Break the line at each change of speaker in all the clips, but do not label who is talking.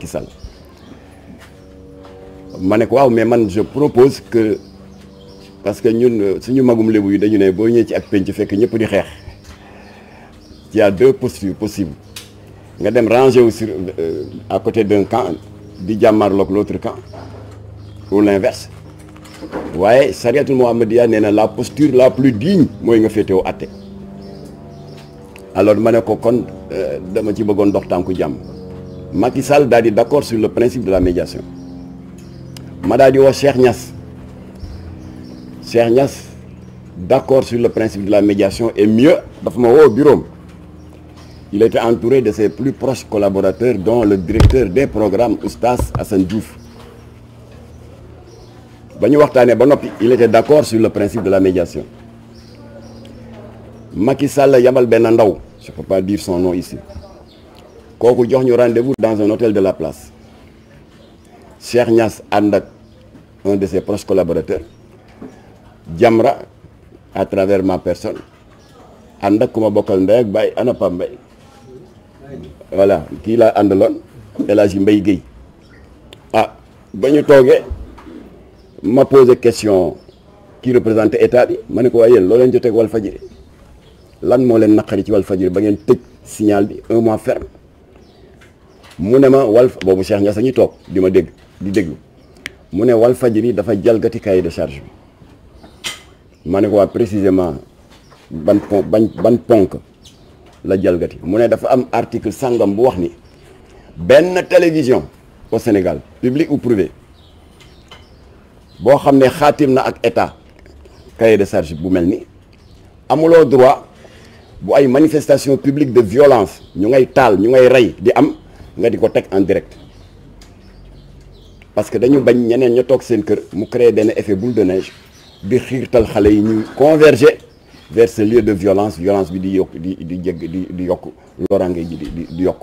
Macky ma ne ko waaw mais man je propose que parce que ñun euh, suñu magum lébu yi dañu ne boo ñëwee ci ak penc fekk ñëpp di xeex il y a deux possible nga dem ranger wu sur euh, à côté d'un camp di jàmmarloog l'autre camp ou l'inverse waaye sariyatul Muhammadiya nee na la posture la plus digne mooy nga féetewoo àtte alors ma ne ko kon euh, dama ci bëggoon dox tànku jàmm Macky Sall daal di d'accord sur le principe de la médiation ma daal di woo Cheikh Niass Cheikh Niass d'accord sur le principe de la médiation et mieux dafa ma woo bureau il était entouré de ses plus proches collaborateurs dont le directeur des programmes Oustaz Assane Diouf ba ñu waxtaanee ba noppi il était d'accord sur le principe de la médiation Macky Sall yabal benn ndaw je peux pas dire son nom ici kooku jox ñu rendez-vous dans un hôtel de la place Cheikh ñas ànd ak un de ses proches collaborateurs Jamra à travers ma personne ànd ak ku ma bokkal ndey ak bàyyi ana Pam Mbaye voilà kii laa àndaloon El Hadj Mbaye Guèye ah toogee ma posé question kii représenté état bi ma ne ko waaye yéen loo leen jotee ak Walfadjri lan moo leen naqari ci Walfadjri ba ngeen tëj signal bi un mois ferme mu ne ma wal boobu Cheikh Niass ñu toog di ma dégg di déglu mu ne wal fajiri dafa jalgati cahier de charge bi ma ne ko waa précisément ban pon ban ponk la jalgati mu ne dafa am article sàngam bu wax ni benn télévision au Sénégal publique ou privée boo xam ne xaatim na ak état cahier de charge bu mel ni amuloo droit bu ay manifestation publique de violence ñu ngay taal ñu ngay rey di am nga di ko teg en direct parce que dañu bañ ñeneen ña toog seen kër mu créer benn effet boule de neige di xiirtal xale yi ñuy converger vers ce lieu de violence violence bi di yokk di di jégg di di yokk loraange ji di di yokk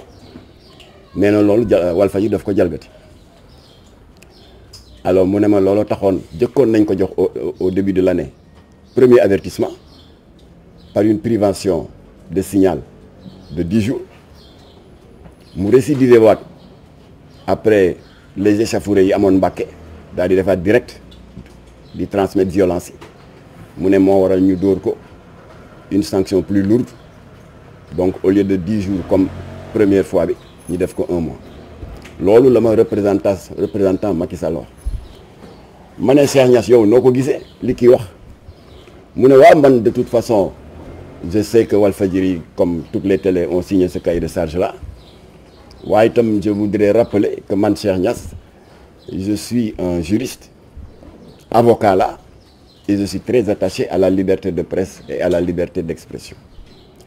nee na loolu Walfadjri daf ko jalgati alors mu ne ma looloo taxoon jëkkoon nañ ko jox au début de l'année premier avertissement par une privation de signal de dix jours mu récidivé waat après les échauffourées yi amoon Mbàkke daal di defaat direct di transmettre violence yi mu ne moo waral ñu dóor ko une sanction plus lourde donc au lieu de dix jours comme première fois bi ñu def ko un mois loolu la ma représentant représentant Macky Sall wax ma ne Cheikh Niass yow noo ko gisee li kii wax mu ne waa man de toute façon je sais que Walfadjri comme toutes les télés ont signé ce cahier de charge la waaye itam je voudrais rappeler que man Cheikh ñas je suis un juriste avocat là et je suis très attaché à la liberté de presse et à la liberté d'expression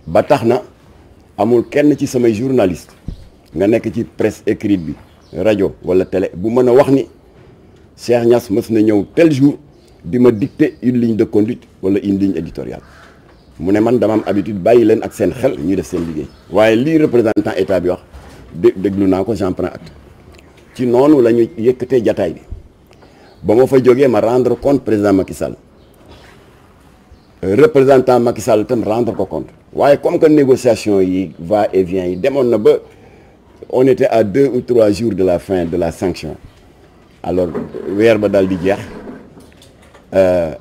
ba tax na amul kenn ci samay journaliste nga nekk ci presse écrite bi rajo wala télé bu mën a wax ni Cheikh Niass mës na ñëw tel jour di ma dicter une ligne de conduite wala une ligne éditoriale mu ne man dama am habitude bàyyi leen ak seen xel ñu def seen liggéey waaye lii représentant état bi wax dé déglu naa ko j'en prends acte ci noonu la ñu yëkkatee jataay bi ba ma fa jógee ma rendre compte président Macky Sall représentant Macky Sall itam rendre ko compte waaye comme ko négociation yi va et vient yi demoon na ba on était à deux ou trois jours de la fin de la sanction alors weer ba daal di jeex euh,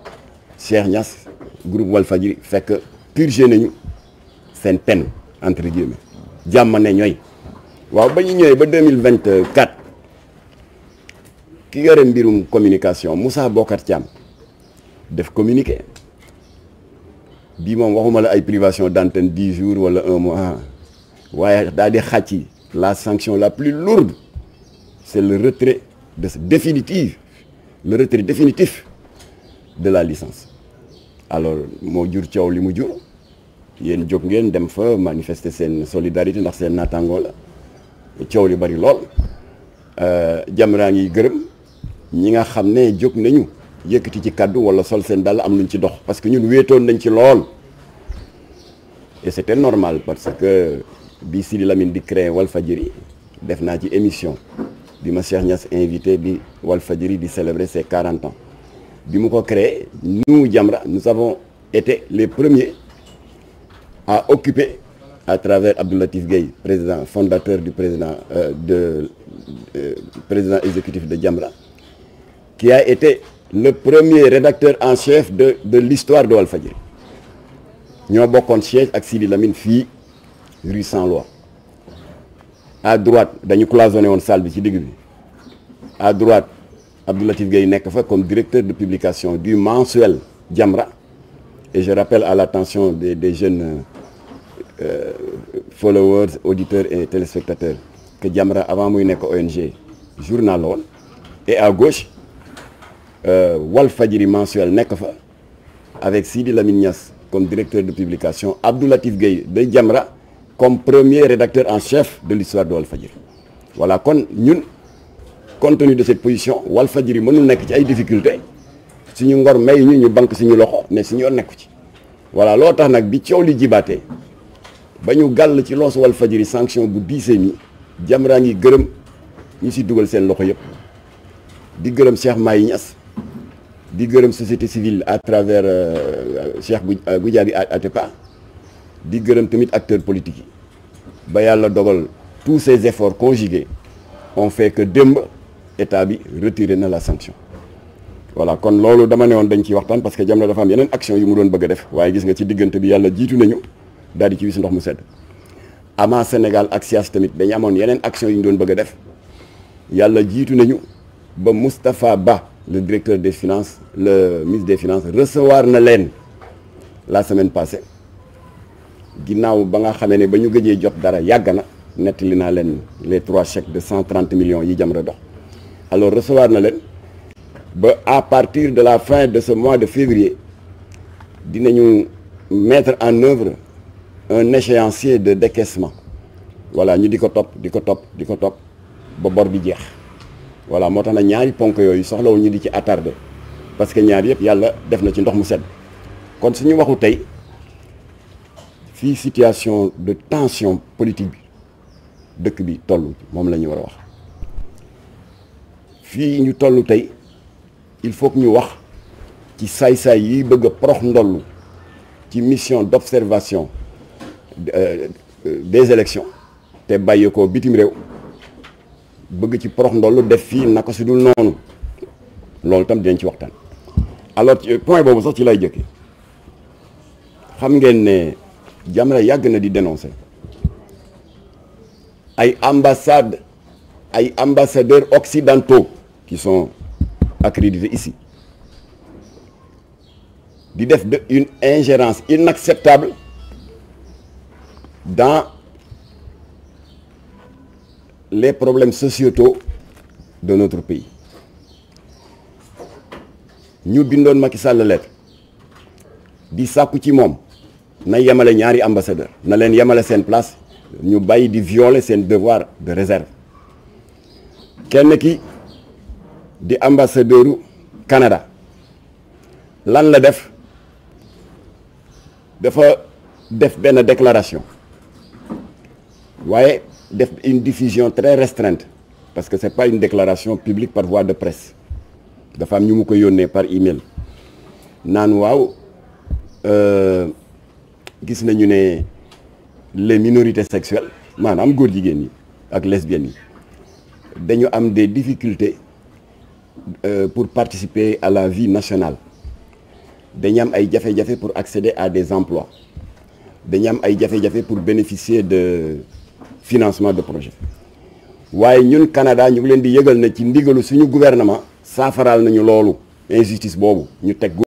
Cheikh Niass groupe Walfadjri fekk purgé nañu seen peine entre guillemets jàmm ne ñooy. waaw ba ñu ñëwee ba deux mille vingt quatre ki yore mbirum communication Moussa Bokar Thiam def communiqué bii moom waxuma la ay privation d'antenne dix jours wala un mois ah. waaye daal di xàcc la sanction la plus lourde c'est le retrait de définitif le retrait définitif de la licence alors moo jur coow li mu jur yéen jóg ngeen dem fa manifester seen solidarité ndax seen naataangoo la coow li bari lool euh, Jamra ngi gërëm ñi nga xam ne jóg nañu yëkkati ci kàddu wala sol seen dàll am luñ ci dox parce que ñun wéetoon nañ ci lool et c'était normal parce que bi Sidi Lamine di créer Walfadjiri def naa ci émission bi ma Cheikh Niass invité bi Walfadjiri di célébrer ses 40 ans bi mu ko créé nu Jamra nous avons été les premiers à occuper à travers Abdou Latif Gueye président fondateur du président euh, euh, président exécutif de Jamra qui a été le premier rédacteur en chef de de l'histoire de Walfadjri ñoo bokkoon siège ak Sidi Lamine fii rue sans loi à droite dañu cloisonné woon salle bi ci digg à droite Abdou Latif Gueye nekk fa comme directeur de publication du mensuel Jamra et je rappelle à l'attention des des jeunes euh, Euh, followers auditeurs et téléspectateurs que Jamra avant muy nekk ONG journal la woon et à wal euh, Walfadjri mensuel nekk fa avec Sidi Lamine Niass comme directeur de publication Abdou Latif Gueye de Jamra comme premier rédacteur en chef de l'histoire de Walfadjri voilà kon ñun compte de cette position Walfadjri mënul nekk ci ay difficultés suñu ngor may ñu ñu banque suñu loxo mais suñu yoon nekku ci voilà loo tax nag bi coow li jibaatee ba ñu gàll ci loosu wal fajiri sanction bu diisee ni Jamra ngi gërëm ñu si dugal seen loxo yëpp di gërëm Cheikh Mahi Niass di gërëm société civile à travers euh, Cheikh euh, Goudiaby pa di gërëm tamit acteurs politiques yi ba yàlla dogal tous ces efforts conjugués ont fait que démb état bi retiré na la sanction voilà kon loolu dama ne woon dañ ciy waxtaan parce que Jamra dafa am yeneen action yu mu doon bëgg a def waaye gis nga ci diggante bi yàlla jiitu nañu daal di ci wis ndox mu sedd ama Sénégal ak SIAS tamit dañu amoon yeneen action yu ñu doon bëgg a def yàlla jiitu nañu ba Moustapha Ba le directeur des finances le mise des finances recevoir na leen la semaine passée ginnaaw ba nga xamee ne ba ñu gëjee jot dara yàgg na li naa leen les trois chèques de cent trente millions yi Jamra dox alors recevoir na leen ba à partir de la fin de ce mois de février dinañu mettre en œuvre un échéancier de décaissement voilà ñu di ko topp di ko topp di ko topp ba bor bi jeex voilà moo tax na ñaari ponk yooyu soxlawul ñu di ci attardé parce que ñaar yëpp yàlla def na ci ndox mu sedd kon suñu waxu tey fii situation de tension politique bi dëkk bi toll moom lañu war a wax fii ñu toll tey il faut ñu wax ci saay-saay yi bëgg a prox ndollu ci mission d'observation Euh, des élections te bàyyi ko bitim réew bëgg ci porox ndollu def fii naka si dul noonu loolu tam dinañ ci waxtaan alors euh, point boobu sax ci lay jëkke xam ngeen ne Jamra yàgg na di dénoncer ay ambassade ay ambassadeurs occidentaux qui sont accrédités ici di def de une ingérence inacceptable dans les problèmes sociétaux de notre pays ñu bindoon Macky Sall lettre di sàkku ci moom na yemale ñaari ambassadeur na leen yemale seen place ñu bàyyi di viole seen devoir de réserve kenn ki di ambassadeuru Canada lan la def dafa def benn déclaration waaye def une diffusion très restreinte parce que c'est pas une déclaration publique par voie de presse dafa am ñu mu ko yónnee par email naan waaw euh, gis nañu ne les minorités sexuelles maanaam góor jigéen yi ak lesbiennes yi dañu am des difficultés euh, pour participer à la vie nationale dañu am ay jafe-jafe pour accéder à des emplois dañu am ay jafe-jafe pour bénéficier de financement de projet waaye ñun Canada ñu ngi leen di yëgal na ci ndigalu suñu gouvernement saafaraal nañu loolu injustice boobu ñu teg